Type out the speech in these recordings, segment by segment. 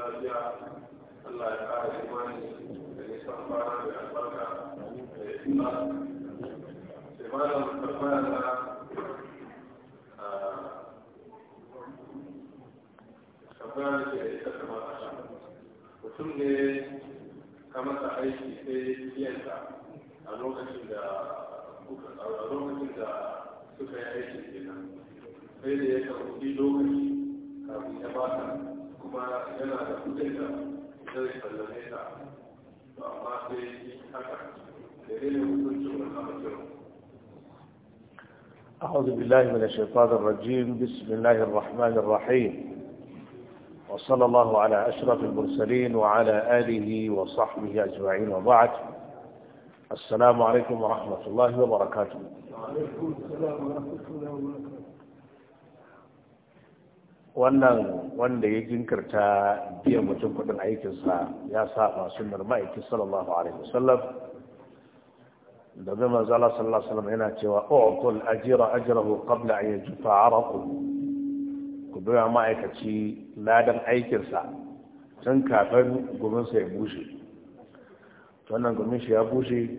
lafiya Allah ya kara imani da nisan fara da albarka da ya fi ba. Sai malam tambaya na tambaya da ke ita kamar haka. Mutum ne ka masa aiki sai biyanka a lokacin da a lokacin da suka yi aiki kenan. Sai da ya karɓi lokaci kafin ya ba أعوذ بالله من الشيطان الرجيم بسم الله الرحمن الرحيم وصلى الله على أشرف المرسلين وعلى آله وصحبه أجمعين وبعد السلام عليكم ورحمة الله وبركاته وعليكم السلام ورحمة الله وبركاته wannan wanda ya jinkirta biyan mutum kudin aikinsa ya saba sunnar ma'aikin sallallahu alaihi wasallam da zama zala sallallahu alaihi wasallam yana cewa u'tul ajira ajrahu qabla an yajufa 'araqu ku biya ma'aikaci ladan aikinsa tun kafin gumin sa ya bushe wannan gumin shi ya bushe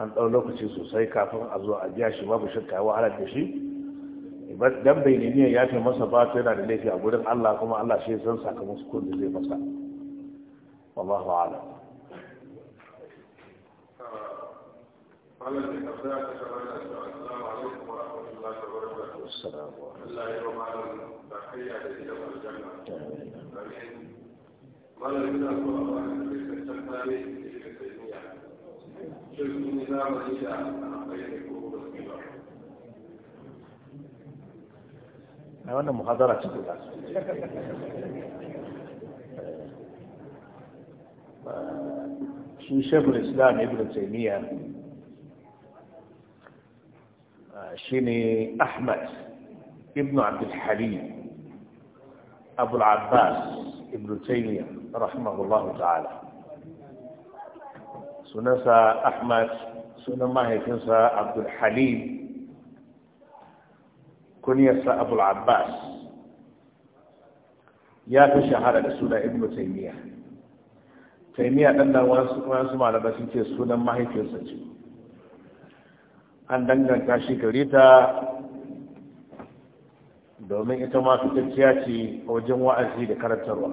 an ɗau lokaci sosai kafin a zo a biya shi babu shakka wahalar da shi dan bai niyan ya ce masa ba ta yana da laifi a gurin Allah kuma Allah shi zan sakamakon da zai masa wallahu a'lam Allah ya Allah a da da وانا محاضرة تقول في شيخ الاسلام ابن تيمية شيني احمد ابن عبد الحليم ابو العباس ابن تيمية رحمه الله تعالى سنسى احمد سنما هيكنسى عبد الحليم kuniyarsa abul abbas ya fi shahara da suna ibnu Taimiyya. Taimiyya dan da wasu malamai sun ce sunan mahaifiyarsa ce an danganta shi gare ta domin ita ma tafiya ce a wajen wa'azi da karantarwa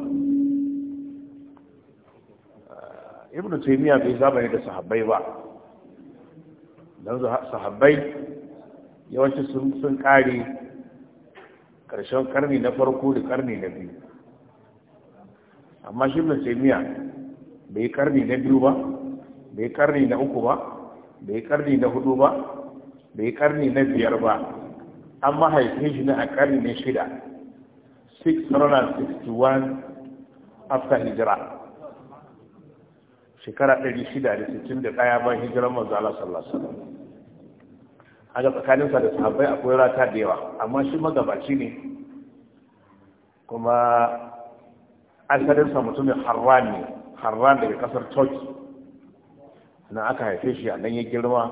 ibnu Taimiyya bai zamani da sahabbai ba don sahabbai yawanci sun kare ƙarshen ƙarni na farko da ƙarni na biyu amma shi ibn bai yi ƙarni na biyu ba bai yi ƙarni na uku ba bai yi ƙarni na hudu ba bai yi ƙarni na biyar ba an mahaifin shi na a ƙarni na shida 661 after hijira shekara 661 bayan hijirar mazala sallallahu alaihi wasallam a ga tsakaninsa da sahabbai akwai rata da yawa amma shi magabaci ne kuma asalinsa mutumin haram ne haram daga kasar turkey na aka haife shi a nan ya girma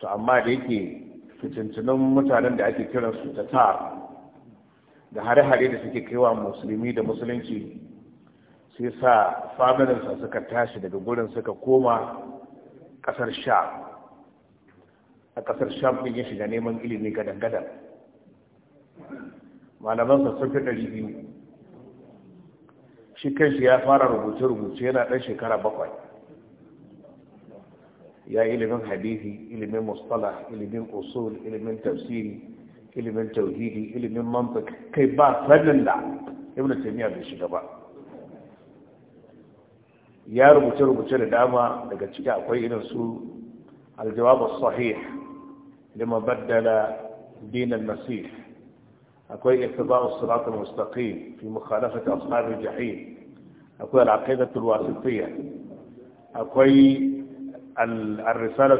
to amma da yake fitintunan mutanen da ake su ta tar da hare-hare da suke kaiwa musulmi da musulunci sai sa familinsa suka tashi daga gurin suka koma kasar sha a kasar sham din ya shiga neman ilimi gadan gadan malaman sun fi ɗari biyu shi kanshi ya fara rubuce-rubuce yana ɗan shekara bakwai ya ilimin hadisi ilimin mustalah ilimin usul ilimin tafsiri ilimin tauhidi ilimin mantik kai ba sanin da ibn taymiya bai shiga ba ya rubuce-rubuce da dama daga ciki akwai irin su aljawab sahih لما بدل دين المسيح أكوي اتباع الصراط المستقيم في مخالفة أصحاب الجحيم أكوي العقيدة الواسطية أكوي الرسالة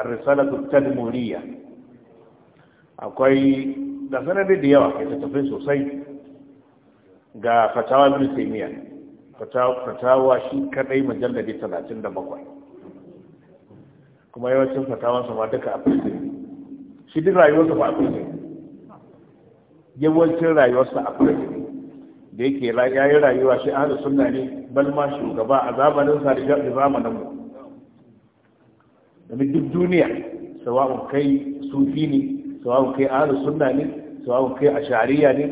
الرسالة التدمورية أكوي أنا بدي بديا واحد تفسر سي جا فتاوى ابن تيمية فتاوى فتاوى شيء كذا مجلة دي تلاتين دبقوا كما يوصف فتاوى سمادك أبن shi duk rayuwarsa ba a zai yawancin rayuwarsa a zai da yake ya yi rayuwa shi ahalus suna ne balma ma shugaba a zamanin sa da zamanin mu domin duk duniya sawa'un kai sufi ne sawa'un kai ahalus suna ne sawa'un kai shari'a ne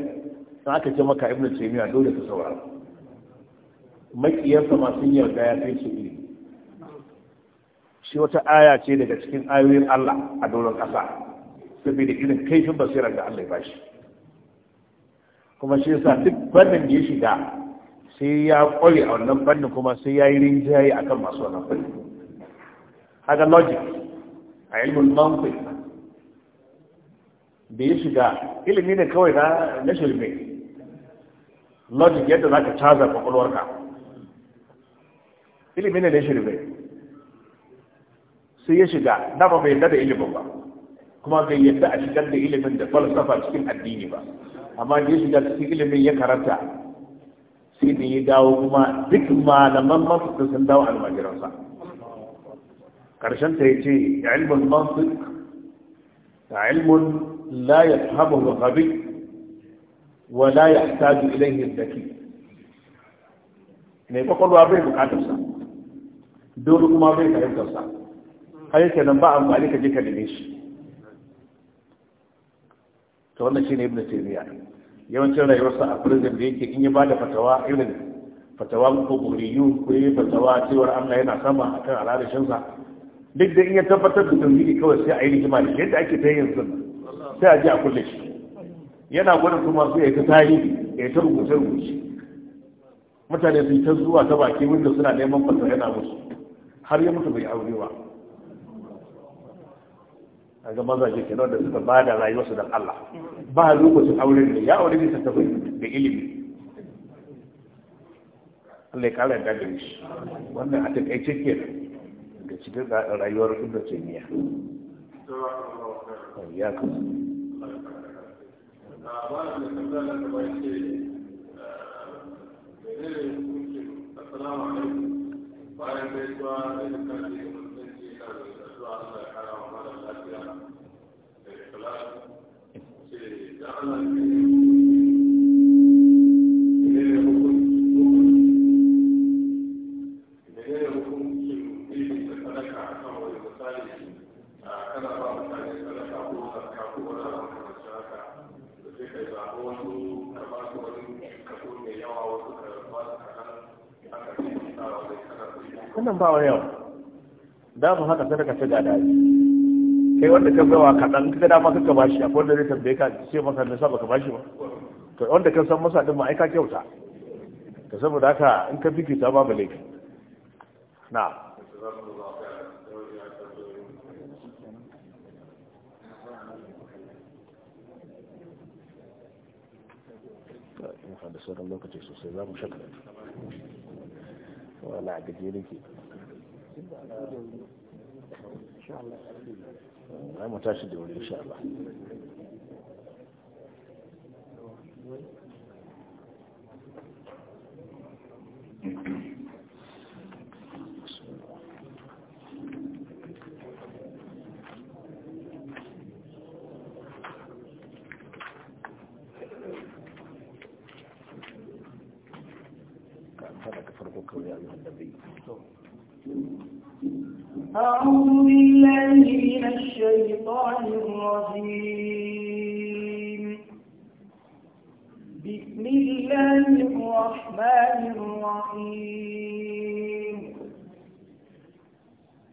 sai aka ce maka ibn taymiya dole ka saurara makiyarsa masu sun yarda ya kai su ne. shi wata aya ce daga cikin ayoyin Allah a doron ƙasa saboda irin kaifin basira da Allah ya bashi kuma shi yasa duk bannin da ya shiga sai ya kware a wannan bannin kuma sai ya yi rinjaye akan masu wannan bannin haka logic a ilimin mantiq da ya shiga ilimi ne kawai na na shirme logic yadda za ka caza kwakwalwarka ilimi ne na shirme sai ya shiga ba bai yadda da ilimin ba kuma bai yadda a shigar da ilimin da falsafa cikin addini ba amma da ya shiga cikin ilimin ya karanta sai da ya dawo kuma duk malaman mafikin sun dawo almajiransa karshen ta ya ce ilmin mafik ta ilmin la ya haɓa wahabi wa la ya tabi ilayhin daki mai kwakwalwa bai bukatarsa dole kuma bai fahimtarsa har yake nan ba amfani ka je ka neme shi to wannan shine ibnu taymiya yawancin rayuwarsa a prison da yake in ya bada fatawa irin fatawa ko buriyu ko yi fatawa cewar Allah yana sama akan alalishin sa duk da in ya tabbatar da tauhidi kawai sai a yi rigima da yadda ake ta yin sunna sai a ji a kulle shi yana gwada kuma sai ya ta tarihi ya ta rubuce rubuce mutane sun ta zuwa ta baki wanda suna neman fatawa yana musu har ya mutu bai aure ba ga mazaje ke da suka ba da rayuwarsu da Allah ba lokacin aure ne ya aure bisa tafi da ilimi Allah ya kara da gari wannan a takaice ke da cikin rayuwar ibn taymiya ya kuma Assalamu alaikum. Bayan da da wannan ba wani yau da mu haka sadaka ta gada kai wanda ka zawa kaɗan ka dama ka bashi akwai wanda zai tambaye ka ce masa nasa baka bashi ba to wanda ka san masa din ma'aika kyauta ka saboda haka in ka biki ta babu laifi na da sauran lokaci sosai za mu shaka wala gajere ke za mu tashi da wuri insha Allah أعوذ بالله من الشيطان الرجيم بسم الله الرحمن الرحيم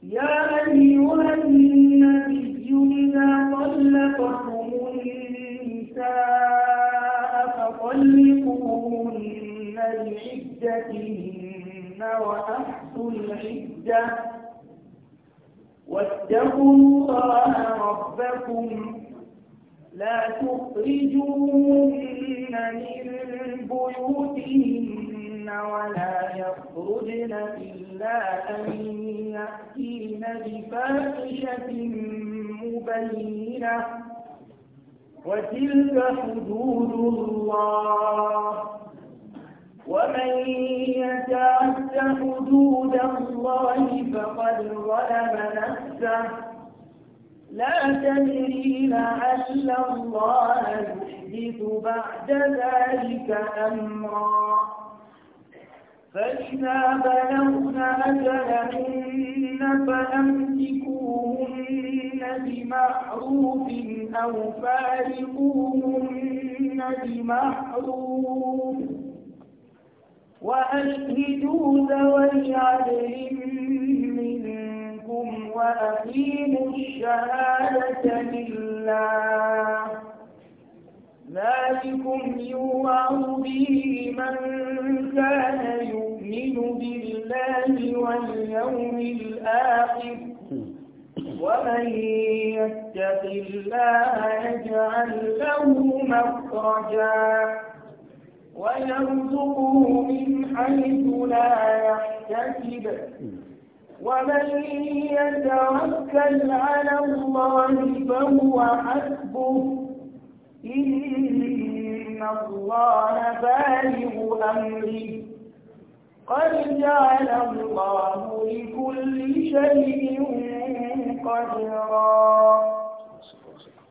يا أيها النبي إذا طلقتم النساء فطلقوهن لعدتهن وأحصوا العدة واتقوا الله ربكم لا تخرجوهن من بيوتهن ولا يخرجن إلا أن يأتين بفاحشة مبينة وتلك حدود الله ومن يتعد حدود الله فقد ظلم نفسه لا تدري لعل الله يحدث بعد ذلك أمرا فإذا بلغن أجلهن فأمسكوهن بمعروف أو فارقوهن بمحروف وأشهدوا ذوي عدل منكم وأقيموا الشهادة لله ذلكم يوعظ به من كان يؤمن بالله واليوم الآخر ومن يتق الله يجعل له مخرجا ويرزقه من حيث لا يحتسب ومن يتوكل على الله فهو حسبه إن الله بالغ أمره قد جعل الله لكل شيء قدرا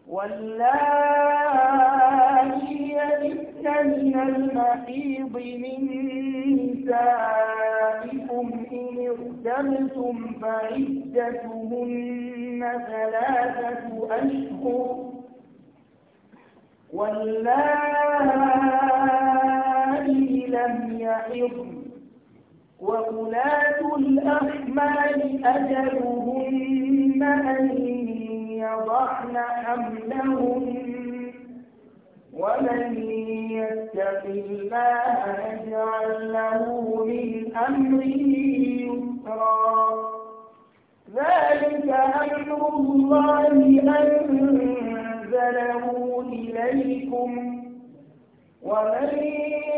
والله لست من المحيض من نسائكم إن ارتبتم فعدتهن ثلاثة أشهر واللائي لم يحض وأولاة الأحمال أجلهن أن يضعن حملهن ومن يتق الله يجعل له من أمره يسرا ذلك أمر الله أنزله إليكم ومن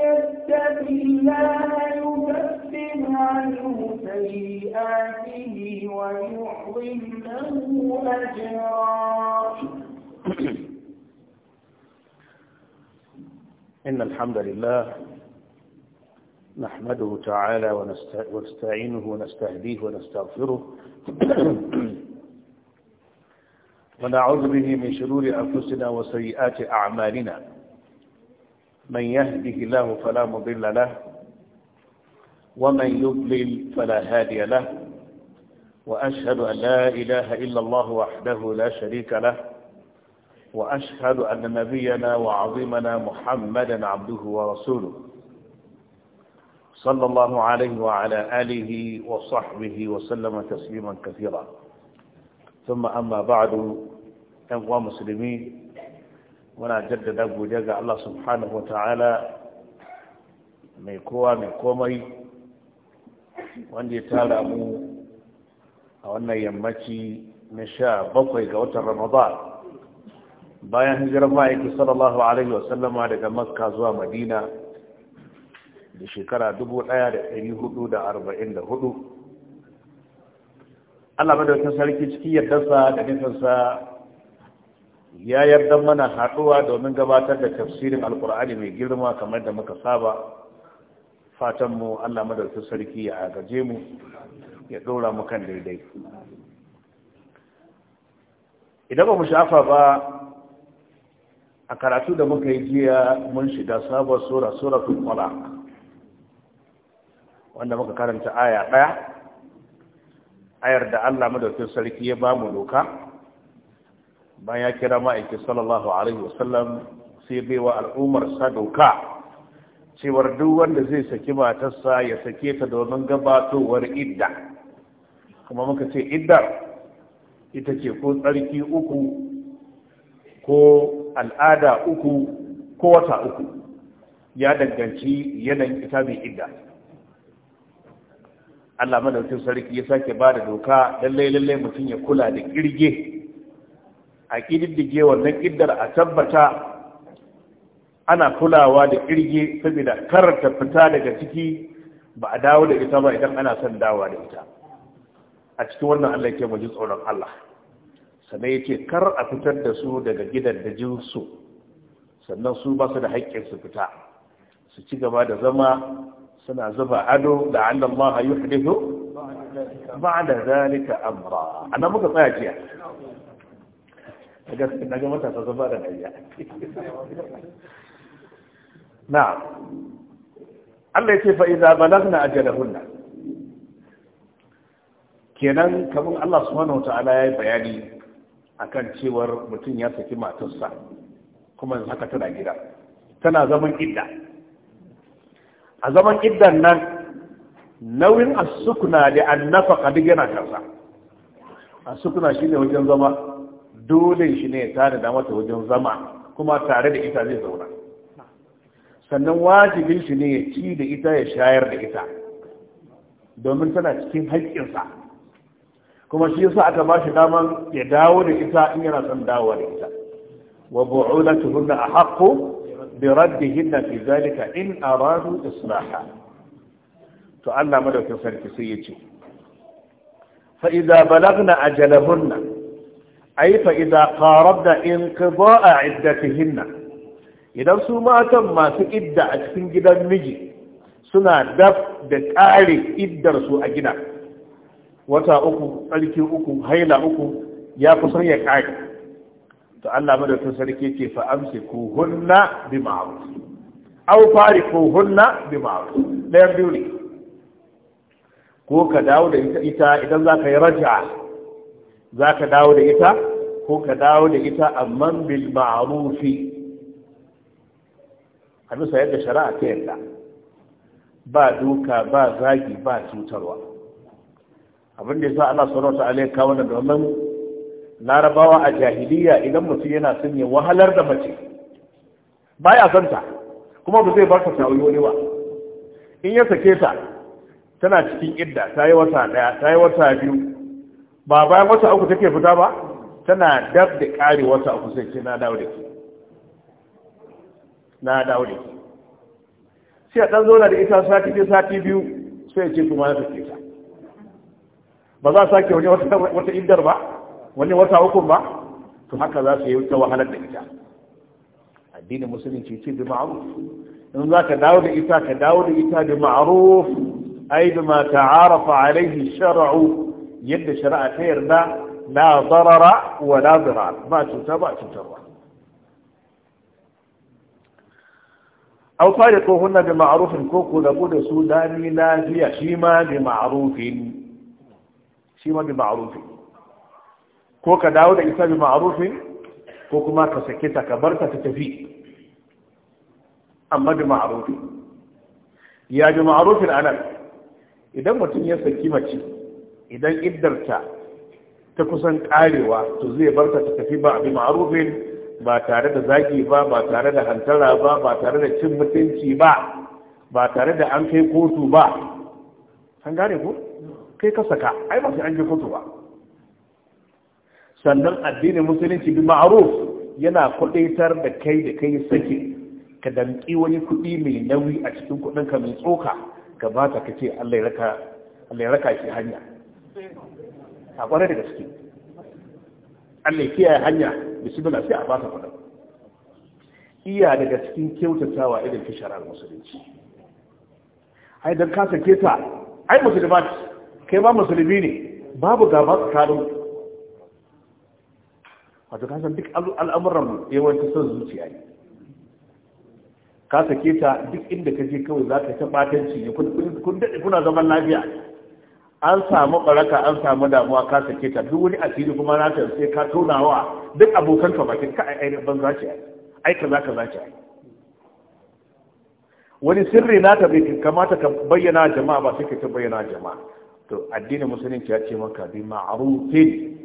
يتق الله يكفر عنه سيئاته ويعظم له أجرا إن الحمد لله نحمده تعالى ونستعينه ونستهديه ونستغفره ونعوذ به من شرور أنفسنا وسيئات أعمالنا من يهده الله فلا مضل له ومن يضلل فلا هادي له وأشهد أن لا إله إلا الله وحده لا شريك له وأشهد أن نبينا وعظيمنا محمدا عبده ورسوله صلى الله عليه وعلى آله وصحبه وسلم تسليما كثيرا ثم أما بعد أبوى مسلمين وأنا ونجدد أبو جزا الله سبحانه وتعالى من كوى من كومي وأن تعلم أو أن يمتي نشاء بقي رمضان bayan hijirar ma'aiki sallallahu alaihi sallama daga maska zuwa madina da shekara 1444 allah madaukin sarki ciki yardarsa da nufinsa ya yarda mana haɗuwa domin gabatar da tafsirin alkur'ani mai girma kamar da muka saba fatanmu allah madaukin sarki ya agaje mu ya ɗora mu kan daidai idan ba mu shafa ba a karatu da muka yi jiya mun shiga sabon sura sura tulkola wanda muka karanta aya ɗaya ayar da allah madaukin sarki ya ba mu doka bayan ya kira ma'aiki sallallahu alaihi wasallam sai bai wa al'ummar sa doka cewar duk wanda zai saki matarsa ya sake ta domin gabatowar idda kuma muka ce iddar ita ce ko tsarki uku ko al'ada uku ko wata uku ya danganci yanayin ita mai idda Allah madaukin sarki ya sake ba da doka lallai lallai mutum ya kula da kirge a kididdige wannan kiddar a tabbata ana kulawa da kirge saboda ta fita daga ciki ba a dawo da ita ba idan ana son dawa da ita a cikin wannan Allah ke mu ji tsoron Allah sannan ya ce kar a fitar da su daga gidan da jinsu sannan su ba su da haƙƙin su fita su ci gaba da zama suna zuba ado da allon ma hayu hadithu ba da zalika amra nan muka tsaya jiya na ga matasa zama da hayya na Allah ya ce na idza balagna hunna kenan kamar Allah subhanahu wa ta'ala ya yi bayani akan cewar mutum ya saki matarsa kuma yanzu haka tana gida tana zaman idda a zaman iddan nan nauyin asukuna da nafa kadi yana kansa asukuna shine wajen zama dole shi ne tare da mata wajen zama kuma tare da ita zai zauna sannan wajibin shi ne ya ci da ita ya shayar da ita domin tana cikin haƙƙinsa kuma shi yasa aka ba shi daman ya dawo da ita in yana son dawo da ita wa bu'ulatuhunna ahaqqu bi raddihinna fi zalika in aradu islaha to Allah madaukakin sarki sai ya ce fa idza balagna ajalahunna ay fa idza qarabna inqida'a iddatihinna idan su matan masu idda a cikin gidan miji suna daf da iddar iddarsu a gida wata uku tsarki uku haila uku ya kusan ya kare to Allah madaukakin sarki ce fa amsiku hunna bi ma'ruf aw fariqu hunna bi ma'ruf da biyu ne ko ka dawo da ita ita idan zaka yi raj'a zaka dawo da ita ko ka dawo da ita amma bil ma'rufi a bisa yadda shari'a ta yadda ba duka ba zagi ba cutarwa abin da yasa Allah subhanahu wataala ya kawo da domin larabawa a jahiliya idan mutum yana son ya wahalar da mace baya son ta kuma ba zai bar ta tawayi wani ba in ya sake ta tana cikin idda ta yi wata daya ta yi wata biyu ba bayan wata uku take fita ba tana dab da kare wata uku sai ce na dawo da ke na dawo da sai a ɗan zauna da ita sati biyu sati biyu sai ce kuma na sake ta ba za a sake wani wata iddar ba wani wata uku ba to haka za su yi ta wahalar da ita addinin musulunci ce bi ma'ruf in za ka dawo da ita ka dawo da ita bi ma'ruf ai bi ma ta'arafa alaihi shar'u yadda shari'a ta yarda la darara wa la dirar ba cuta ba cutarwa aw fariquhunna bi ma'ruf ko ku da su dani lafiya shi ma bi ma'rufin shi ma bi ma'arufi ko ka dawo da ita bi ma'arufi ko kuma ka sake ta ka bar ta ta tafi amma bi ma'arufi ya bi ma'arufin anan idan mutum ya saki mace idan iddarta ta kusan karewa to zai bar ta ta tafi ba bi ma'arufin ba tare da zagi ba ba tare da hantara ba ba tare da cin mutunci ba ba tare da an kai kotu ba an gane ko kai ka saka ai ba sai an ji kotu ba sannan addinin musulunci bi ma'ruf yana kudaitar da kai da kai sake ka danki wani kuɗi mai nauyi a cikin kuɗinka mai tsoka ka ba ta ka ce Allah ya raka shi hanya a kware da gaske Allah ya kiyaye hanya bismillah sai a ba ta kuɗin iya daga cikin kyautatawa idan ta sharar musulunci ai dan ka sake ta ai musulma kai ba musulmi ne babu gaba tsakanin wato ka san duk al'amuran yawanci son zuciya ne ka sake ta duk inda ka je kawai za ka ta batanci ne kun daɗe kuna zaman lafiya an samu ɓaraka an samu damuwa ka sake ta duk wani asiri kuma na ta sai ka tonawa duk abokan ka bakin ka ai ban za ci ai kaza kaza ci wani sirri na ta bai kamata ka bayyana jama'a ba sai ka ta bayyana jama'a to addinin musulunci ya ce maka bi ma'rufin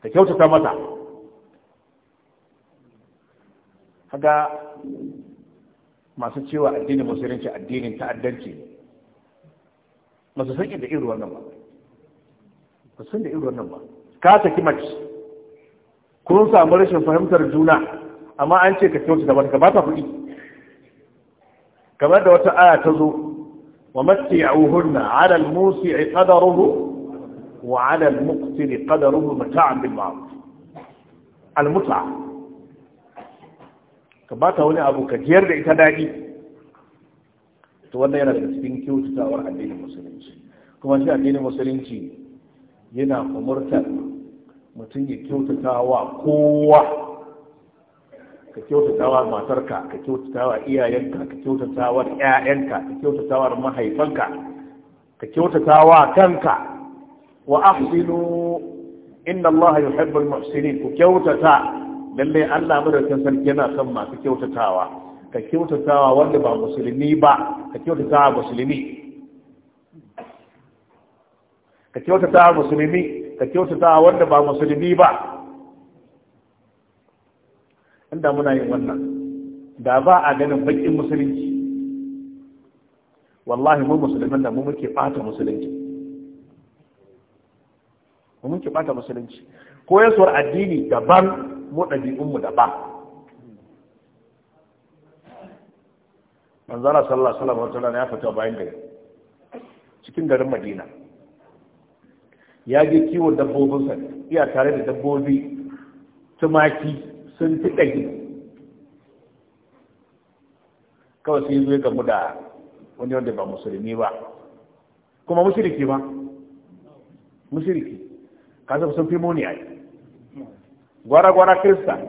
ka kyautata mata haka masu cewa addinin musulunci addinin ta'addanci ba su san da irin wannan ba ba san da irin wannan ba ka saki mace kun samu rashin fahimtar juna amma an ce ka kyautata mata ka ba ta kuɗi kamar da wata aya ta zo ومتعوهن على الموسع قدره وعلى المقتل قدره متاعا بالمعروف المتعة كباتا هنا أبو كجير لإتدائي تولى ينا بسبين كيوت تاور الدين المسلمين كما شاء الدين المسلمين ينا أمرتا متن يكيوت تاوى قوة ka kyautata wa matarka ka kyautata wa iyayenka ka wa ƴaƴanka ka wa mahaifanka ka wa kanka wa ahsinu inna Allah yuhibbul muhsinin ku kyautata lalle Allah madaukakin sarki yana son masu kyautatawa ka kyautatawa wanda ba musulmi ba ka kyautatawa musulmi ka kyautatawa musulmi ka kyautatawa wanda ba musulmi ba inda muna yin wannan da ba a ganin bakin musulunci wallahi mu musulmin da mu muke ɓata musulunci mu muke bata musulunci koyarwar addini daban mu ɗabi'unmu daban manzara sallallahu alaihi wasallam ya fita bayan gari cikin garin madina ya je kiwon dabbobinsa iya tare da dabbobi tumaki sun fi ɗage kawai sai zo ya gamu da wani wanda ba musulmi ba kuma mushriki ba mushriki kasa sun fi muni ai gwara-gwara kirista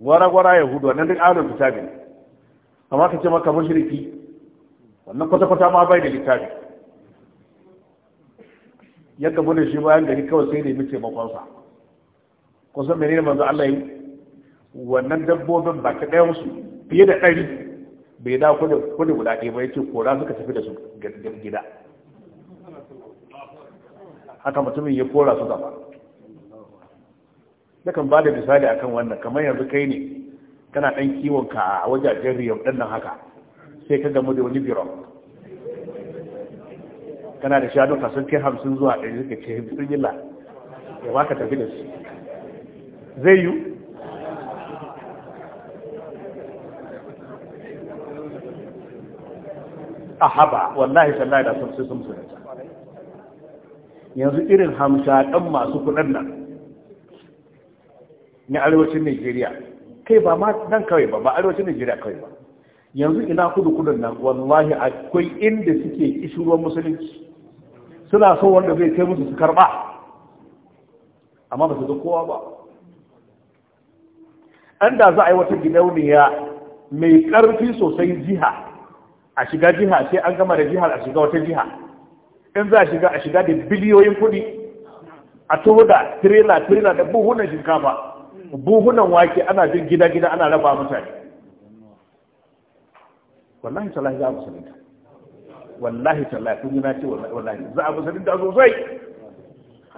gwara-gwara yahudu wannan duk alun littafi amma ka ce maka mushriki wannan kwata-kwata ma bai da littafi ya gamu da shi bayan gari kawai sai da mace makonsa kun san menene manzo Allah yi wannan dabbobin ba ta ɗaya musu fiye da ɗari bai da kudu kudu guda ɗaya ba yace kora suka tafi da su gida haka mutumin ya kora su gaba nakan ba da misali akan wannan kamar yanzu kai ne kana ɗan kiwon ka a wajajen riyar ɗan nan haka sai ka gamu da wani biro. kana da shanu kasan kai hamsin zuwa ɗari suka ce bismillah ya ba ka tafi da su zai yi a haba wallahi sallahi da sun sun sun yanzu irin hamsa ɗan masu kuɗin nan na arewacin nigeria kai ba ma nan kawai ba ba arewacin nigeria kawai ba yanzu ina kudu kudin nan wallahi akwai inda suke kishirwar musulunci suna so wanda zai kai musu su karba amma ba su ga kowa ba an da za a yi wata gidauniya mai ƙarfi sosai jiha a shiga jiha sai an gama da jihar a shiga wata jiha in za a shiga a shiga da biliyoyin kuɗi a tuhu da tirela tirela da buhunan shinkafa buhunan wake ana jin gida gida ana raba mutane wallahi tallahi za a musulunta wallahi tallahi kun yi na ce wallahi za a da sosai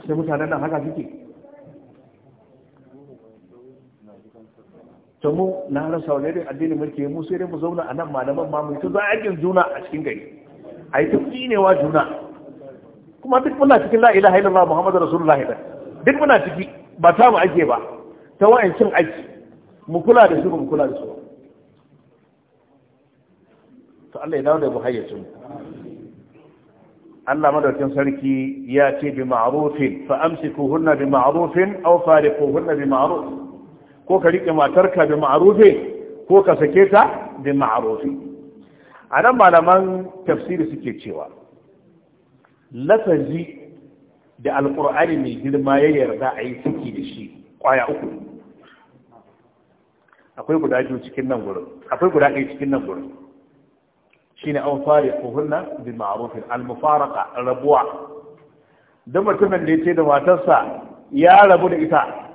sai mutanen nan haka suke ta mu na rasa wani irin addinin mulki mu sai dai mu zauna a nan malaman ma mu ta zagin juna a cikin gari a yi ta tsinewa juna kuma duk muna cikin la ilaha illallah muhammadu rasulullah da duk muna ciki ba ta mu ake ba ta wa'ancin aiki mu kula da su mu kula da su to Allah ya dawo da mu. Allah madaukin sarki ya ce bi ma'rufin fa amsikuhunna bi ma'rufin aw fariquhunna bi ma'ruf ko ka riƙe matarka da ma'arufe ko ka sake ta da ma'arufe a nan malaman tafsiri suke cewa lafazi da alƙur'ani mai girma ya yarda a yi ciki da shi ƙwaya uku akwai guda biyu cikin nan gurin akwai guda ɗaya cikin nan gurin ne an fara kuhunna bi ma'rufin al-mufaraqa rabuwa dan mutumin da ya ce da matarsa ya rabu da ita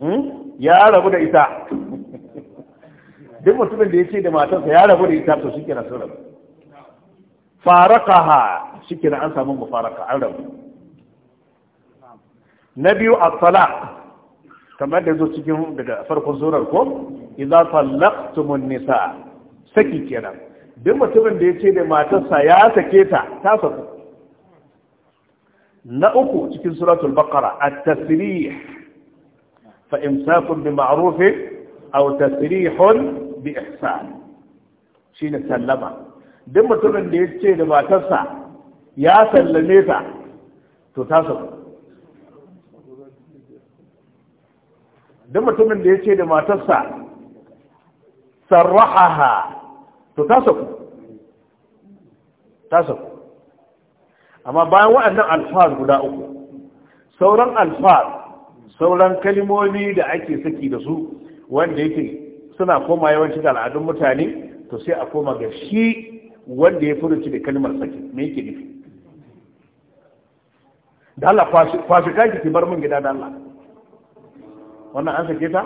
Hmm? ya rabu da ita duk mutumin da ya ce da matarsa ya rabu da ita to shi kenan sun rabu farakaha shi kenan an samu mufaraka an rabu na biyu a tsala kamar da zo cikin daga farkon surar ko tsallak tumun nisa saki kenan duk mutumin da ya ce da matarsa ya sake ta ta saku na uku cikin suratul baqara at-tasrih فإمساك بمعروف أو تسريح بإحسان شيء سلمة duk mutumin da ya ce da matarsa ya sallame ta to ta saku duk mutumin da ya ce da matarsa sarrahaha to ta saku ta saku amma bayan waɗannan alfaz guda uku sauran alfaz sauran kalimomi da ake saki da su wanda yake suna koma yawanci da al'adun mutane to sai a koma ga shi wanda ya furuci da kalmar saki me yake nufi da Allah kaki ki bar min gida da Allah wannan an sake ta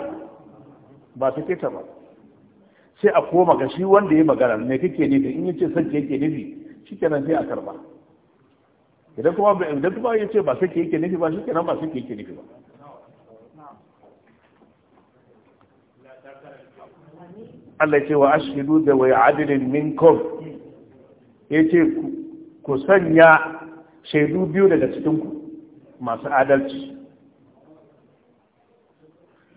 ba sake ta ba sai a koma ga shi wanda ya magana me kake nufi in yace saki yake nufi shikenan sai a karba idan kuma idan kuma yace ba saki yake nufi ba shikenan ba saki yake nufi ba Allah ce wa ashidu da wai adilin minkum ya ce ku sanya shaidu biyu daga cikinku masu adalci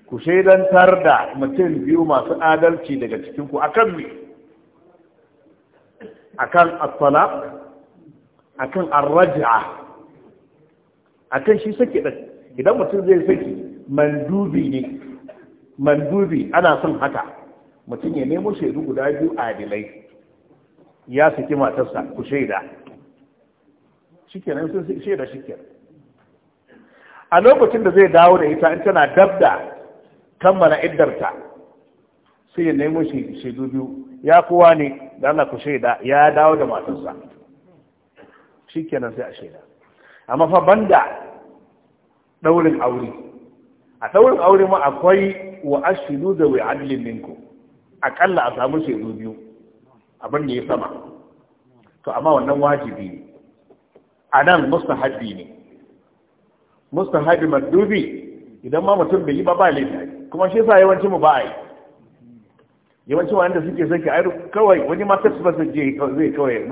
ku shaidantar da mutum biyu masu adalci daga cikinku a kan mai a kan attalaq a kan arraja a kan shi sake ɗan idan mutum zai saki mandubi ne mandubi ana son haka mutum ya nemo shaidu guda biyu adilai ya saki matarsa ku shaida shikenan sun shaida shikenan a lokacin da zai dawo da ita in tana dabda kammala iddarta sai ya nemo shaidu biyu ya kowa ne da Allah ku shaida ya dawo da matarsa shikenan sai a shaida amma fa banda daurin aure a daurin aure ma akwai wa ashidu da wa adlin minkum akalla a samu shaidu biyu abin da ya sama to amma wannan wajibi ne a nan mustahabi ne mustahabi mandubi idan ma mutum bai yi ba ba laifi kuma shi sa yawanci mu ba a yi yawancin wanda suke sake ai kawai wani ma tafi basu je zai kawai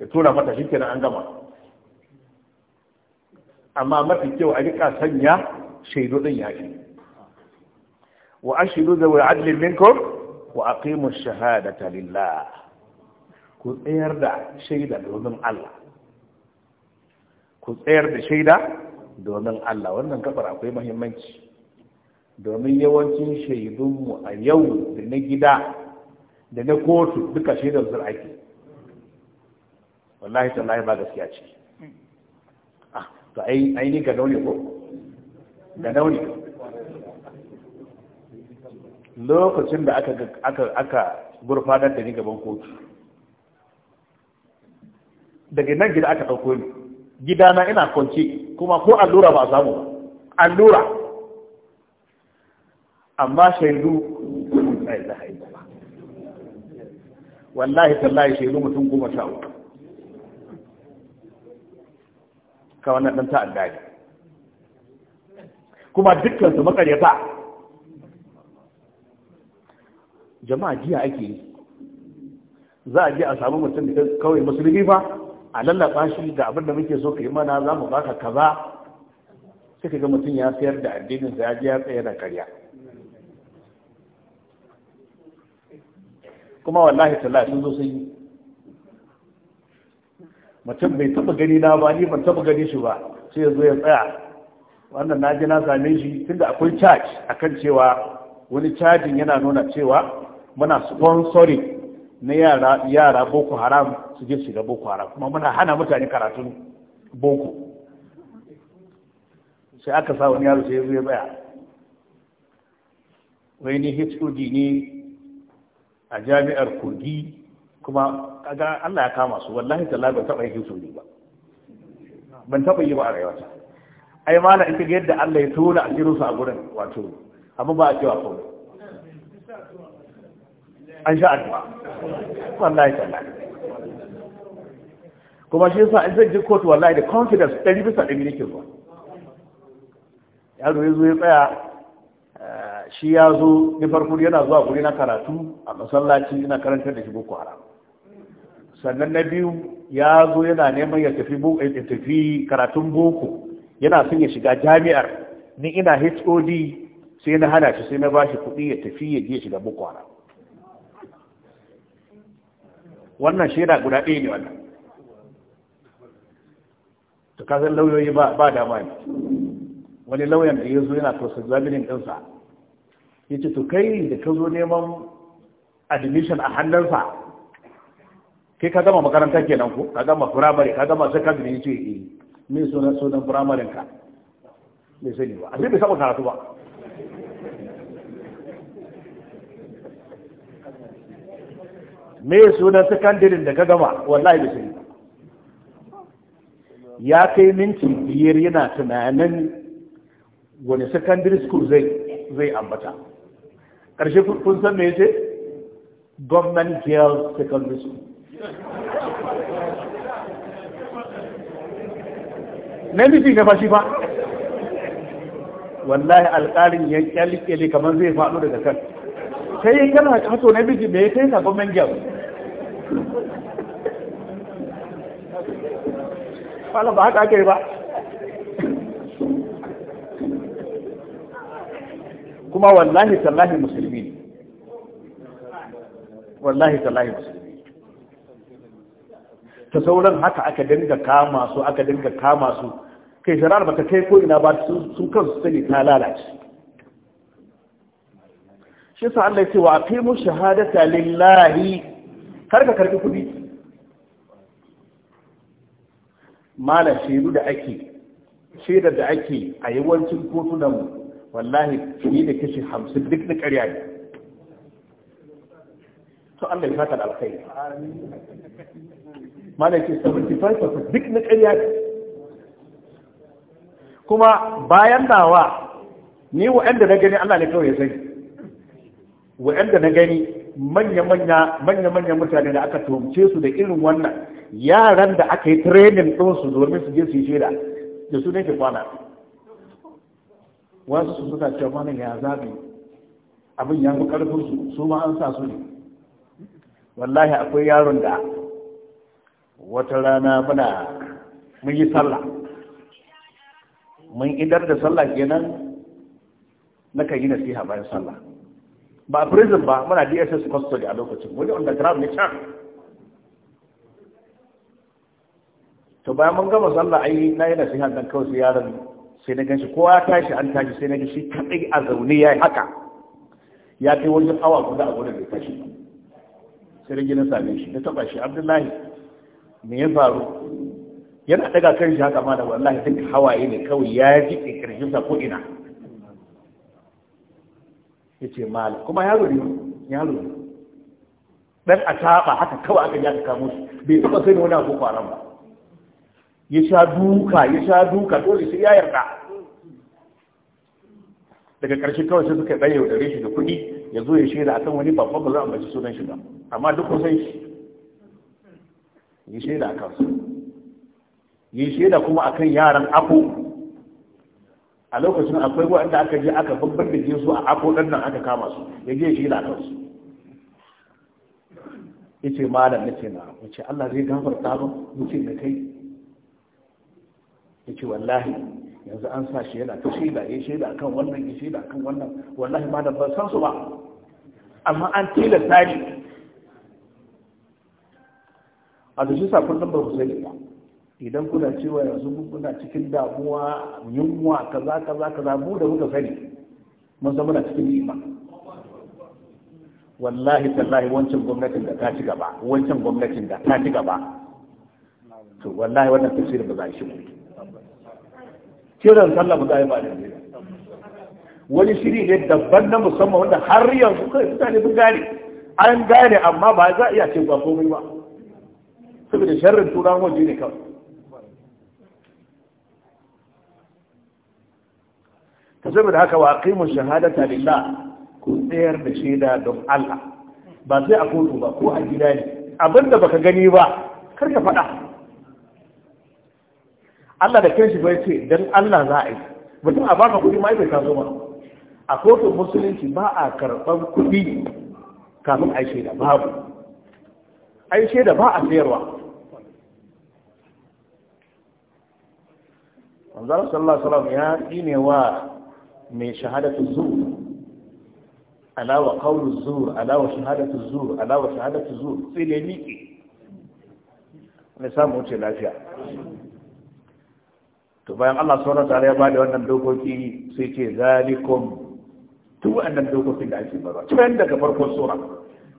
ya tura mata shi kenan an gama amma mafi kyau a rika sanya shaidu din yaki wa ashidu zawai adlin minkum ku aqimu shahadata lillah ku tsayar da shaida domin Allah ku tsayar da shaida domin Allah wannan kafar akwai muhimmanci domin yawancin shaidunmu a yau da na gida da na kotu duka shaidar zur ake wallahi tallahi ba gaskiya ce ah to ai ai ni ga dole ko ga dole lokacin da aka gurfadar da ni gaban kotu daga nan gida aka ɗauko ni gidana ina kwanci kuma ko allura ba a samu ba allura amma shaidu tsaye da haiku wallahi tallahi shaidu mutum goma sha uku ka wannan ɗan ta'adda ne kuma dukkan su makaryata jama'a jiya ake yi za a je a samu mutum da kawai musulmi ba a lallaba shi da abin da muke so ka yi mana za mu baka kaza sai ka ga mutum ya sayar da addinin sa ya je ya tsaye da karya kuma wallahi tallahi sun zo sun yi mutum bai taba gani na ba ni ban taba gani shi ba sai ya zo ya tsaya wannan na ji na same shi tunda akwai charge akan cewa wani cajin yana nuna cewa muna sponsoring na yara yara boko haram su je shiga boko haram kuma muna hana mutane karatun boko sai aka sa wani yaro sai ya baya wai ni hod ne a jami'ar kogi kuma kaga Allah ya kama su wallahi tallahi ban taba yin hod ba ban taba yi ba a rayuwata ai mala in kaga yadda Allah ya tura a jirusa a gurin wato amma ba a cewa komai an sha addu'a wallahi tallahi kuma shi yasa in zai je kotu wallahi da confidence ɗari bisa ɗari nake zuwa yaro ya zo ya tsaya eh, shi ya zo da farko yana zuwa guri na karatu a masallaci yana karantar da shi boko haram sannan na biyu ya zo yana neman ya tafi karatun boko yana son ya shiga jami'ar ni ina hod sai na hana shi sai na ba shi kuɗi ya tafi ya je shiga boko haram wannan shaida guda ɗaya ne wannan to kasar lauyoyi ba dama ne wani lauyan da ya zo yana tosa zaminin ɗinsa ya ce to kai da ka zo neman admission a hannunsa kai ka gama makarantar kenan ko ka gama firamare ka gama secondary ya ce eh mai sunan sunan firamarenka bai sani ba a zai bai saba karatu ba me sunan sakandirin da ka gama wallahi da shi ya kai minti biyar yana tunanin wani secondary school zai zai ambata ƙarshe kun san me ce government girls secondary school namiji na fashi ba wallahi alƙalin ya kyalƙyale kamar zai faɗo daga kan sai kana kato namiji da ya kai sabon mangyar wala ba haka aka ba kuma wallahi tallahi musulmi wallahi tallahi musulmi ta sauran haka aka dinga kama su aka dinga kama su kai shirar ba ta kai ko ina ba sun kansu sani ta lalace shi sa Allah ya ce wa aqimu shahadata lillahi kar ka karbi kudi mala shedu da ake shedar da ake a yawancin kotunan wallahi ni da kashi 50 duk na ƙarya ne to Allah ya saka da alkhairi mala ce 75% duk na ƙarya ne kuma bayan dawa ni wa'anda na gani Allah ne kawai ya sani wa'anda na gani manya-manya manya mutane da aka tumce su da irin wannan yaran da aka yi training ɗin su domin su je su yi shaida da su nake kwana wasu su suka ce mana ya zaɓi abin ya fi su su ma an sa su ne wallahi akwai yaron da wata rana muna mun yi sallah mun idar da sallah kenan na kan yi nasiha bayan sallah ba prison ba muna dss custody a lokacin wani underground ne can to bayan mun gama sallah ai na yi nasiha dan kawai sai yaron sai na ganshi kowa ya tashi an tashi sai na ga shi kaɗai a zaune ya yi haka ya kai wajen awa guda a gurin da ya tashi sai na gina same shi na taba shi abdullahi me ya faru yana ɗaga kan shi haka ma da wallahi duk hawaye ne kawai ya ji kirjinsa ko ina ya ce mala kuma yaro ne yaro ne dan a taɓa haka kawai aka ya ka kamo shi bai taɓa sai wani abu kwaran ba ya sha duka ya sha duka dole sai ya yarda daga karshe kawai sai suka ɗaya yaudare shi da kudi ya zo ya shaida akan wani babban ba za a bace sunan shi ba amma duk sai shi ya shaida a kansu ya shaida kuma akan yaran abu a lokacin akwai wanda aka je aka babbar da su a ako nan aka kama su ya je shi da kansu ya ce malam na ce na wace Allah zai gafarta ba mu da kai ya ce wallahi yanzu an sa shi yana ta shaida ya shaida kan wannan ya shaida kan wannan wallahi malam ban san su ba amma an tilasta shi a da shi sa kullum ba ku sani ba idan kuna cewa yanzu kuna cikin damuwa yunwa kaza kaza kaza mu da muka sani mun san muna cikin ni'ima wallahi tallahi wancan gwamnatin da ta ci gaba wancan gwamnatin da ta ci gaba to wallahi wannan tafsirin ba za a yi shi kiran sallah ba za a yi ba da wani shiri ne daban na musamman wanda har yanzu kai mutane sun gane an gane amma ba za a iya ce ba komai ba saboda sharrin turawan waje ne kawai saboda haka wa aqimu shahadata lillah ku tsayar da shaida don Allah ba sai a kotu ba ko a gida ne abinda baka gani ba kar ka faɗa Allah da kanshi bai ce dan Allah za a yi mutum a baka kuɗi ma bai taso ba a kotun musulunci ba a karɓar kuɗi kafin a shaida babu a shaida ba a sayarwa manzara sallallahu alaihi wasallam ya tsine wa mai shahadatu zur alawa qawlu zur alawa shahadatu zur alawa shahadatu zur sai da miƙe ne samu wuce lafiya to bayan Allah subhanahu wa ta'ala ya bada wannan dokoki sai ce zalikum duk wannan dokokin da ake bada tun daga farkon sura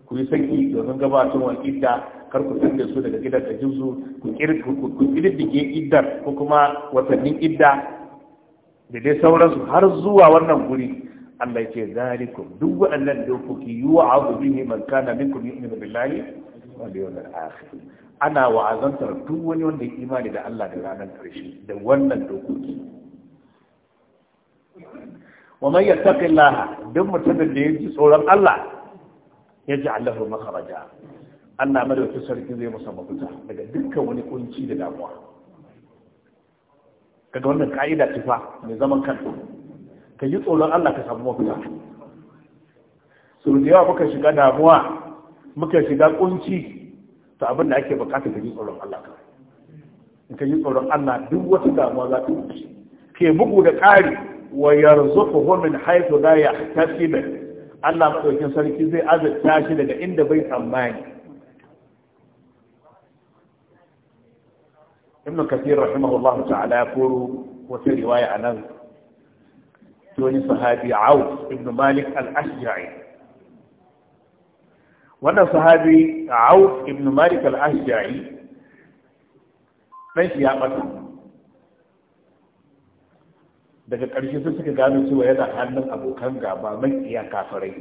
ku yi sanki domin gabatun wa idda kar ku sanda su daga gidan da jinsu ku kirdige iddar ko kuma watannin idda da dai sauransu har zuwa wannan guri Allah ce zalikum duk waɗannan dokoki yu'azu bihi man kana minkum yu'minu billahi wal yawmil akhir ana wa'azantar duk wani wanda ya imani da Allah da ranar karshe da wannan dokoki wa man yattaqillaha duk mutumin da ya ji tsoron Allah ya ji Allahu makharaja Allah madaukakin sarki zai masa mafita daga dukkan wani kunci da damuwa kaga wannan ka'ida ce fa mai zaman kanta ka yi tsoron Allah ka samu mafita sau da yawa muka shiga damuwa muka shiga kunci to abin da ake bukata ka yi tsoron Allah ka in ka yi tsoron Allah duk wata damuwa za ta wuce ke bugu da ƙari wa yarzuquhu min haythu la yahtasib Allah madaukin sarki zai azurta shi daga inda bai tsammani ibn kathir rahimahullah ta'ala ya koro wata riwaya anan to wani sahabi Auf ibn Malik al-Ashja'i wannan sahabi Auf ibn Malik al-Ashja'i ɗan shi ya bata daga ƙarshe sun suka gano cewa yana hannun abokan gaba makiya kafirai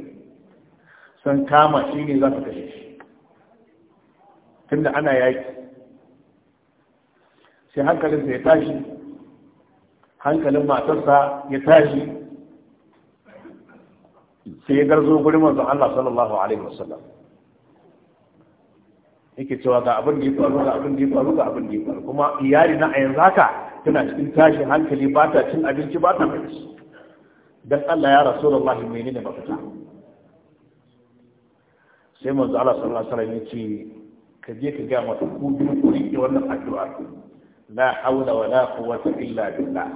sun kama shi ne za su kashe shi tunda ana yaki sai hankalinsa ya tashi hankalin matarsa ya tashi sai ya garzo gurin manzon Allah sallallahu alaihi wasallam yake cewa ga abin da ya faru ga abin da ya faru ga abin da ya faru kuma iyali na a yanzu haka tana cikin tashin hankali ba ta cin abinci ba ta bacci dan Allah ya rasulullahi menene mafita sai manzo Allah sallallahu alaihi wasallam ya ce ka je ka ga mata ku biyu ku rike wannan addu'a la haula wala quwwata illa billah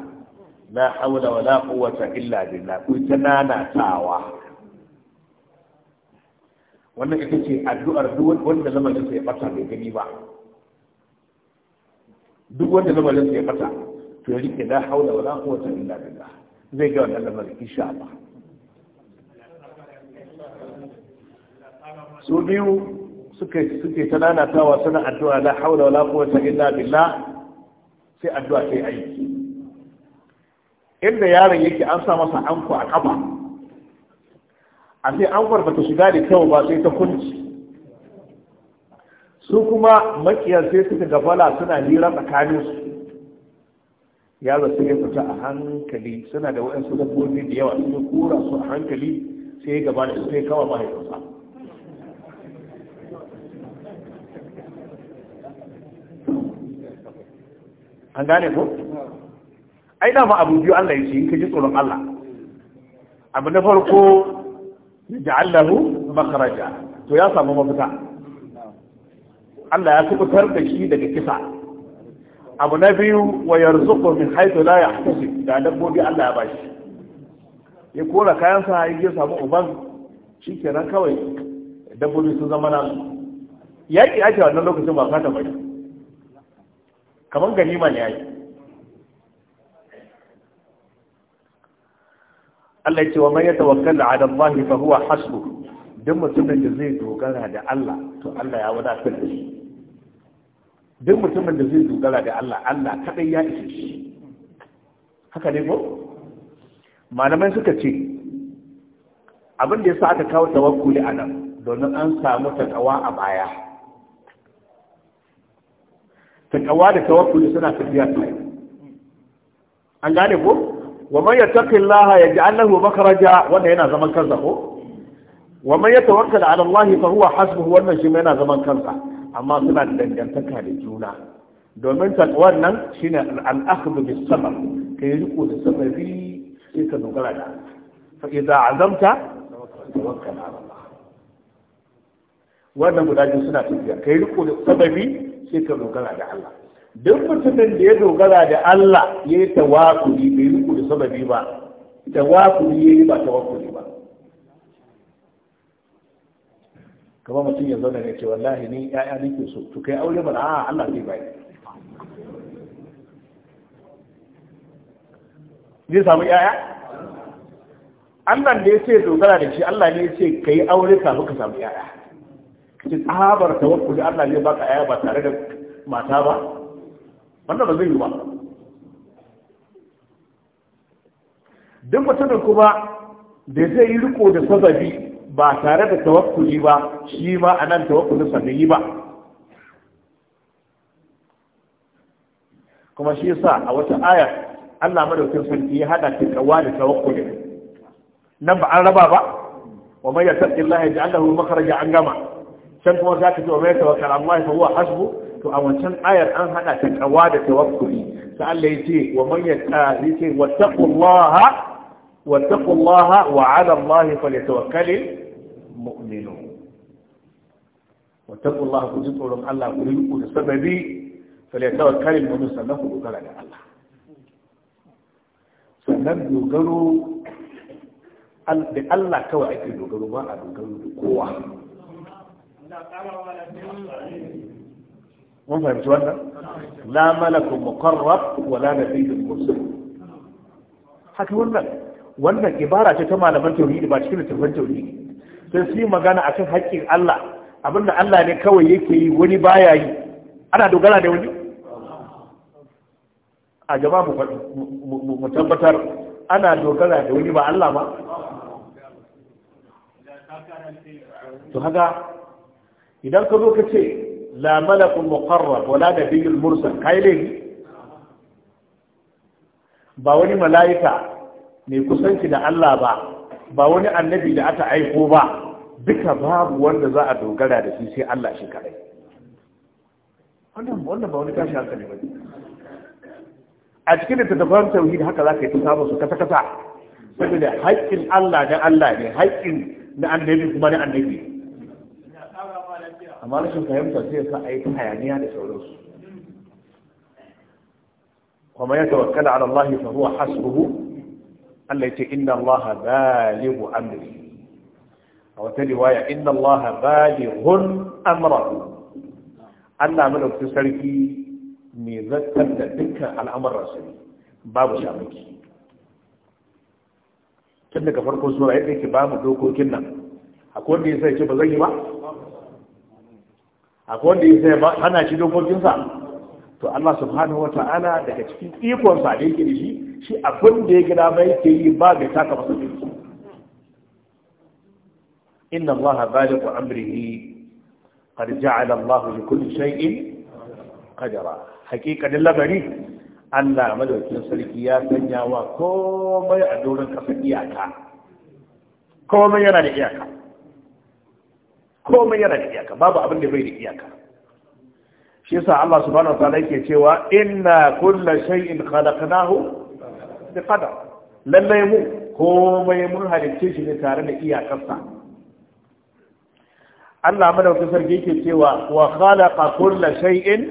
la haula wala quwwata illa billah ku ta nanatawa wannan ita ce addu'ar duk wanda lamarin sa ya fata bai gani ba duk wanda lamarin sa ya fata to ya rike la haula wala quwwata illa billah zai ga wannan lamarin insha Allah su biyu suke suke ta nanatawa suna addu'a la haula wala quwwata illa billah sai addu'a sai aiki inda yaron yake an sa masa anko a kafa a sai ankwar ba ta shiga da kyau ba sai ta kunci su kuma makiyar sai suka gabala suna tsakanin tsakaninsu yaro sai ya fita a hankali suna da waɗansu dabbobi da yawa sai kura su a hankali sai ya gaba da sai kawai mahaifinsa an gane ko ai dama abu biyu Allah ya ce in ka ji tsoron Allah abu na farko ja'allahu makharaja to ya samu mafita Allah ya kubutar da shi daga kisa abu na biyu wa yarzuqu min haythu la yahtasib da dabbobi Allah ya bashi ya kora sa ya samu uban shikenan kawai dabbobi sun zama nan yaƙi ake wannan lokacin ba fata bane kamar ganima ne yayi Allah ce wa man yatawakkal ala Allah fa huwa hasbu duk mutumin da zai dogara da Allah to Allah ya wadatar da shi duk mutumin da zai dogara da Allah Allah kadai ya ishe shi haka ne ko malamai suka ce abin da yasa aka kawo tawakkuli anan domin an samu takawa a baya takawa da tawakkuli suna tafiya tare an gane ko wa man yattaqillaha yaj'al lahu makhraja wanda yana zaman kansa ko wa man yatawakkal ala Allah fa huwa hasbuhu wannan shi yana zaman kansa amma suna da dangantaka da juna domin takwar nan shine al-akhdhu bis sabr kai riko da sabari sai ka dogara da fa idza azamta tawakkal ala Allah wannan guda suna tafiya kai riko da sababi sai ka dogara da Allah duk mutumin da ya dogara da Allah ya yi tawakuli bai yi kudu sababi ba tawakuli ya yi ba tawakuli ba kama mutum ya zauna ne ce wallahi ni ya'ya nake so to kai aure mana a Allah zai bai zai samu ya'ya Allah da ya ce dogara da shi Allah ne ya ce kai aure kafin ka samu ya'ya cikin tsabar tawakkuli Allah zai baka aya ba tare da mata ba wannan ba zai yi ba duk mutumin kuma da zai yi riko da sazabi ba tare da tawakkuli ba shi ma a nan tawakkuli sa yi ba kuma shi yasa a wata ayar Allah madaukakin sarki ya hada kawa da tawakkuli nan ba an raba ba wa mai yattaqi Allah ya ja'al lahu makhraja an gama can kuma za ka ji wa mai tawakkal Allah fa huwa hasbu to a wancan ayar an hada ta kawa da tawakkuli sai Allah ya ce wa man yattaqi yace, wattaqullaha wattaqullaha wa 'ala Allah falyatawakkalul mu'minun wattaqullaha ku ji tsoron Allah ku riku da sababi falyatawakkalul mu'minun sannan ku dogara ga Allah sannan dogaro da Allah kawai ake dogaro ba a dogaro da kowa mun fahimci wannan la malakun muqarrab wa la nabiyyun mursal haka wannan wannan ibara ce ta malaman tauhidi ba cikin littafin tauhidi sai su yi magana akan haƙƙin Allah abinda Allah ne kawai yake yi wani baya yi ana dogara da wani a jama'a mu tabbatar ana dogara da wani ba Allah ba to haka idan ka zo ka ce la malakun muqarrab wala nabiyyul mursal kai ne ba wani mala'ika mai kusanci da Allah ba ba wani annabi da aka aiko ba duka babu wanda za a dogara da shi sai Allah shi kadai wannan wannan ba wani tashi hankali ba a cikin da tattafan tauhid haka za ka yi ta samu su kasa-kasa, kata saboda haƙƙin Allah na Allah ne haƙƙin na annabi kuma na annabi amma rashin fahimta sai ya sa a yi hayaniya da sauransu kuma ya tawakkala ala Allah fa huwa hasbuhu Allah ya ce inna Allah balighu amri a wata riwaya inna Allah balighun amrahu Allah madaukakin sarki mai zartar da dukkan al'amuransa ne babu shamaki tun daga farko sura yadda yake ba mu dokokin nan akwai wanda ya sai ce ba zan yi ba akwai wanda ya sai hana shi dokokinsa to Allah subhanahu wa ta'ala daga cikin ikon sa da yake shi shi abin da ya gina mai yake yi ba bai taka masa da shi inna Allah baligh amrihi qad ja'ala Allah li kulli shay'in qadara haqiqatan labari Allah madaukin sarki ya sanya wa komai a doron kasa iyaka komai yana da iyaka komai yana da iyaka babu abin da bai da iyaka shi yasa Allah subhanahu wataala yake cewa inna kulla shay'in khalaqnahu bi qadar lalle mu komai mun halicce shi ne tare da iyakarsa Allah madaukakin sarki yake cewa wa khalaqa kulla shay'in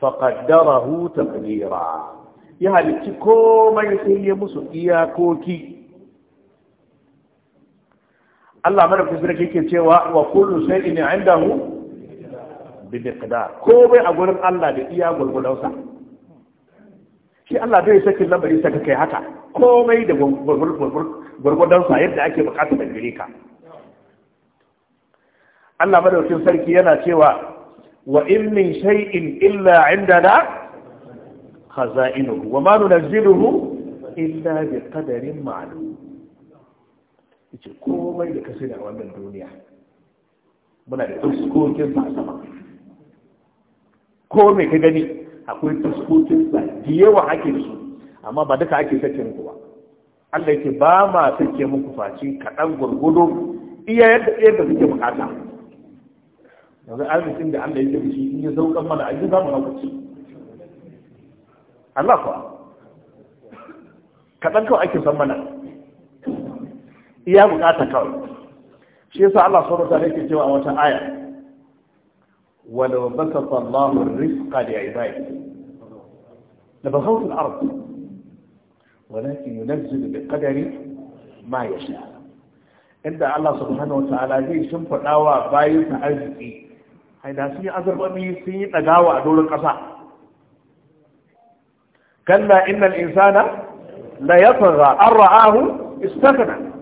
faqaddarahu taqdira ya halicci komai sai ya musu iyakoki Allah madaukakin sarki ke cewa wa kullu shay'in 'indahu bi miqdar komai a gurin Allah da iya gurgurdansa shi Allah bai sakin lambari saka kai haka komai da gurgurdansa yadda ake bukata da gare ka Allah madaukakin sarki yana cewa wa in min shay'in illa 'indana khaza'inuhu wa ma nunzilu illa bi qadarin ma'lum ce komai da kasai da wannan duniya muna da fuskokin ba sama ko me ka gani akwai fuskokin ba da yawa ake su amma ba duka ake sake muku ba Allah yake ba ma sake muku faci kaɗan gurgudu iya yadda ɗaya da suke bukata yanzu arzikin da Allah yake shi in ya saukan mana ajiye za mu lokaci Allah kuwa kaɗan kawai ake san mana iya bukata kawai shi yasa Allah subhanahu wa ta'ala yake cewa a wata aya walau basata Allahu ar-rizqa li 'ibadihi la baghawtu al-ard walakin yunzilu bi qadari ma yasha inda Allah subhanahu wa ta'ala zai shimfida wa bayinsa arziki haida sun yi azarbami sun yi dagawa a doron ƙasa kalla innal insana la yatgha an ra'ahu istakna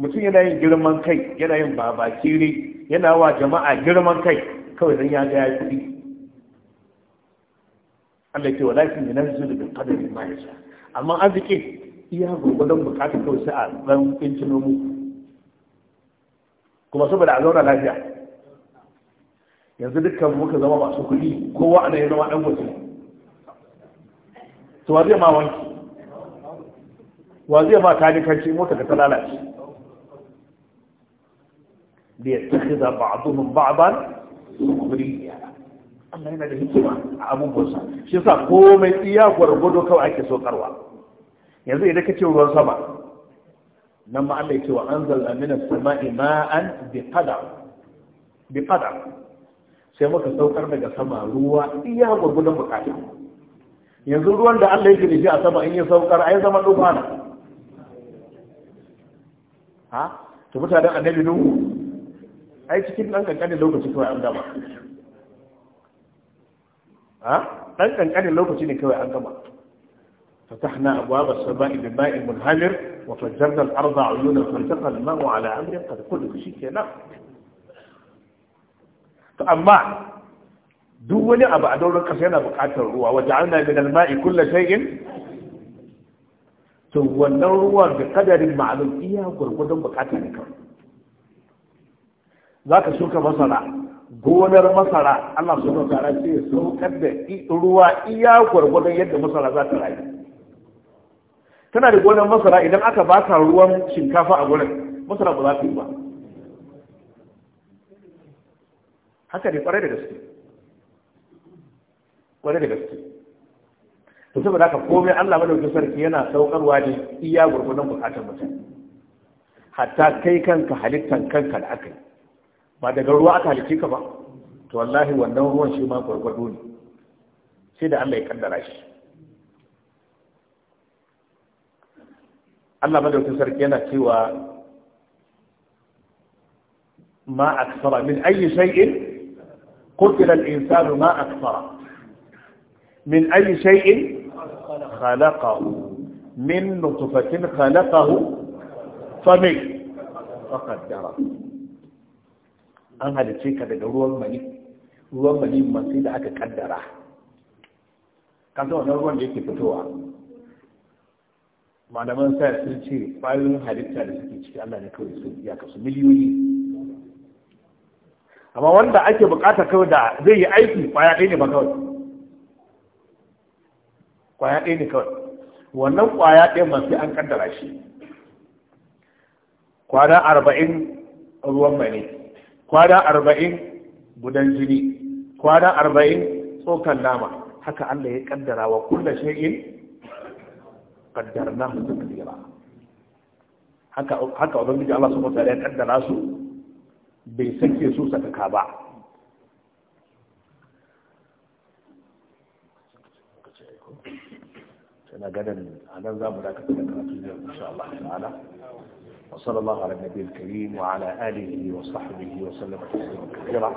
mutum yana yin girman kai yana yin ne, yana wa jama'a girman kai kawai don ya ga ya kuɗi Allah ke walakin yana zuwa da kadarin ma yasa amma arziki iya gurgudan bukata kawai sai a ɗan kincino mu kuma saboda a zauna lafiya yanzu dukkan muka zama masu kuɗi kowa ana yi zama ɗan gwaji to wa zai ma wanki wa zai ma kaji kanci mota ka ta lalace liyattakhidha ba'dhum ba'dan sukhriya Allah yana da hikima a abubuwansa shi yasa komai iya gwargwado kawai ake saukarwa? yanzu idan ka ce ruwan sama nan ma Allah ya ce wa anzalna sama'i ma'an bi qadar sai muka saukar daga sama ruwa iya gurgudan bukata yanzu ruwan da Allah yake nufi a sama in ya saukar ai zama dufana ha to mutanen annabi nuhu cikin ɗan ƙanƙanin lokaci kawai an gama ha ɗan ƙanƙanin lokaci ne kawai an gama فتحنا أبواب السماء بماء منهمر وفجرنا الأرض عيونا فالتقى الماء على أمر قد كل شيء كنا فأما دون أبا أدور كسينا بقعة الروا وجعلنا من الماء كل شيء ثم النروى بقدر معلوم إياه قرقدهم بقعة الكون za ka shuka masara gonar masara Allah su masara ce ya saukar da ruwa iya gwargwadon yadda masara za ta rayu tana da gonar masara idan aka ba ta ruwan shinkafa a gonar masara ba za ta yi ba haka ne kwarai da gaske kwarai da gaske to saboda haka komai Allah madaukakin sarki yana saukarwa ne iya gwargwadon bukatar mutum hatta kai kanka halittan kanka da aka yi ba daga ruwa aka halice ka ba to wallahi wannan ruwan shi ma gwargwado ne sai da Allah ya kaddara shi Allah madaukakin sarki yana cewa ma aksara min ayi shay'in qutila al-insanu ma aksara min ayi shay'in khalaqahu min nutfatin khalaqahu fa min faqaddara an halice ka daga ruwan mani ruwan mani masu da aka kaddara kan wannan ruwan da yake fitowa malaman sa sun ce ƙwayoyin halitta da suke ciki Allah ne kawai sun ya kasu miliyoyi amma wanda ake bukata kawai da zai yi aiki ƙwaya ɗaya ne ba kawai kwaya ɗaya ne kawai wannan ƙwaya ɗaya masu an kaddara shi kwana arba'in ruwan mai ne kwana arba'in gudan jini kwana arba'in tsokan nama haka Allah ya kaddara wa kulla shay'in qaddarna hu taqdira haka haka ubangiji Allah subhanahu wa ta'ala ya kaddara su bai sake su sakaka ba tana ganin anan za mu dakata da karatu ne insha Allah ta'ala وصلى الله على النبي الكريم وعلى آله وصحبه وسلم تسليما كثيرا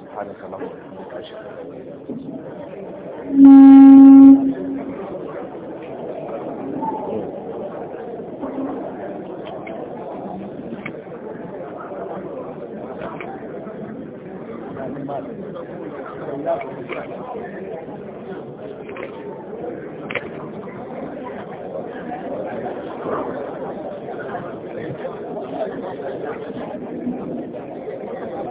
سبحانك اللهم وبحمدك أشهد أن لا إله إلا أنت